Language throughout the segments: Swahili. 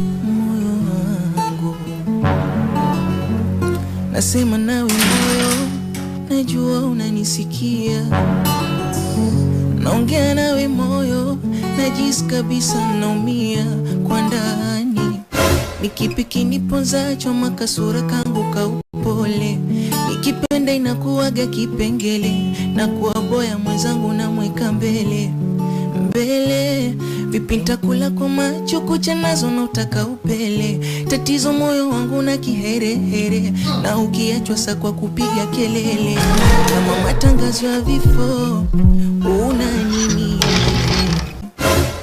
moyo wangu, nasema nawe moyo, najua unanisikia, naongea nawe moyo, najisi kabisa naumia kwa ndani, nikipi kiniponzacho makasura kangu kaupole nikipenda inakuwaga kipengele na kuwaboya mwenzangu namweka mbele mbele vipinta kula kwa macho kucha nazo na utaka upele, tatizo moyo wangu na kiherehere, na ukiachwa sa kwa kupiga kelele, kama matangazo ya vifo una nini?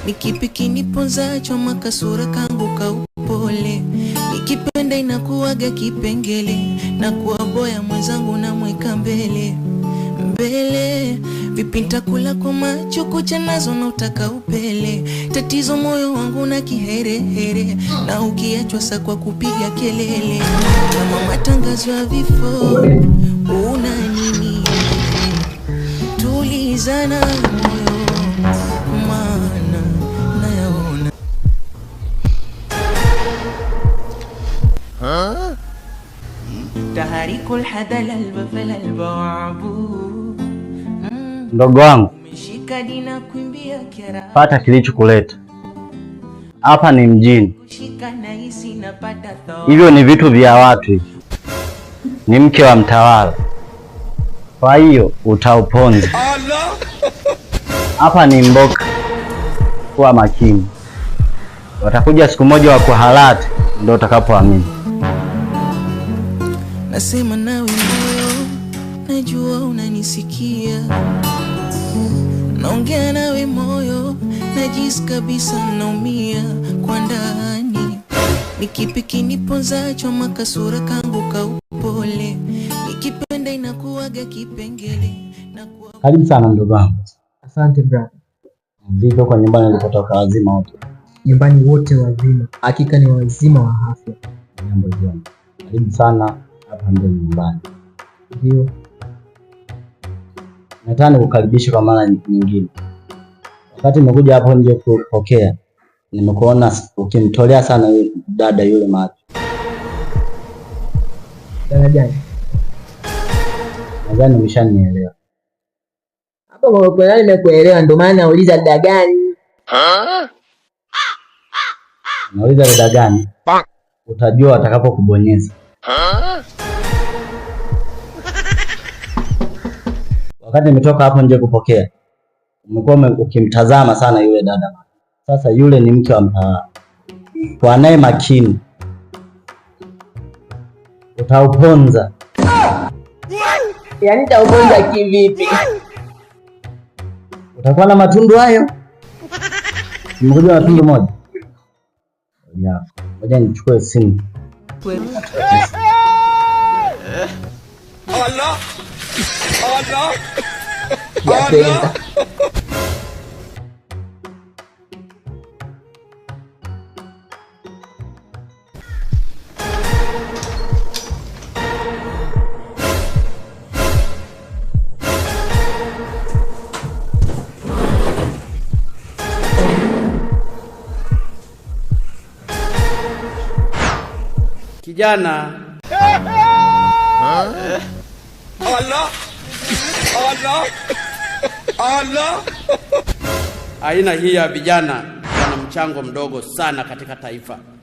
Nikipi kiniponzacho makasura kangu upole nikipenda inakuwaga kipengele, na kuwaboya mwenzangu namweka mbele vipinta kula kwa macho kucha nazo na utaka upele tatizo moyo wangu na kiherehere na ukiachwa sa kwa kupiga kelele kama matangazo ya vifo una nini tulizana moyo mana nayaona huh? Tahariku lhadala lbafala lbawabu Mdogo wangu, pata kilichokuleta hapa. Ni mjini, hivyo ni vitu vya watu hivi. Ni mke wa mtawala, kwa hiyo utauponza hapa. Ni mboka, kuwa makini. Watakuja siku moja wa kuhalati, ndio utakapoamini. Nasema nawe sikia naongea nawe moyo, na najisi kabisa naumia kwa ndani. Ni kipi kiniponzacho makasura kangu kaupole, nikipenda inakuwaga kipengele na kuwa... Karibu sana mdogo Asante brother. Vipi kwa nyumbani ulipotoka, wazima wote? Nyumbani wote wazima, hakika ni wazima wa afya. Jambo jema. Karibu sana hapa ndio nyumbani. Ndio. Nataka nikukaribishe kwa mara nyingine. Wakati nimekuja hapo nje kupokea, nimekuona ukimtolea sana dada yule macho. Dada gani? Nadhani umeshanielewa. Hapo kwa nimekuelewa, ndio maana nauliza dada gani? Nauliza dada gani? Utajua watakapokubonyeza. wakati nimetoka hapo nje kupokea, umekuwa ukimtazama sana yule dada. Sasa yule ni mke wa mtaa, ah, kwa naye makini utauponza. Yaani utauponza kivipi? Utakuwa na matundu hayo. Ngoja matundu moja ya ngoja nichukue simu. Allah Oh no. Oh no. Kijana. Allah Allah Allah. Aina hii ya vijana wana mchango mdogo sana katika taifa.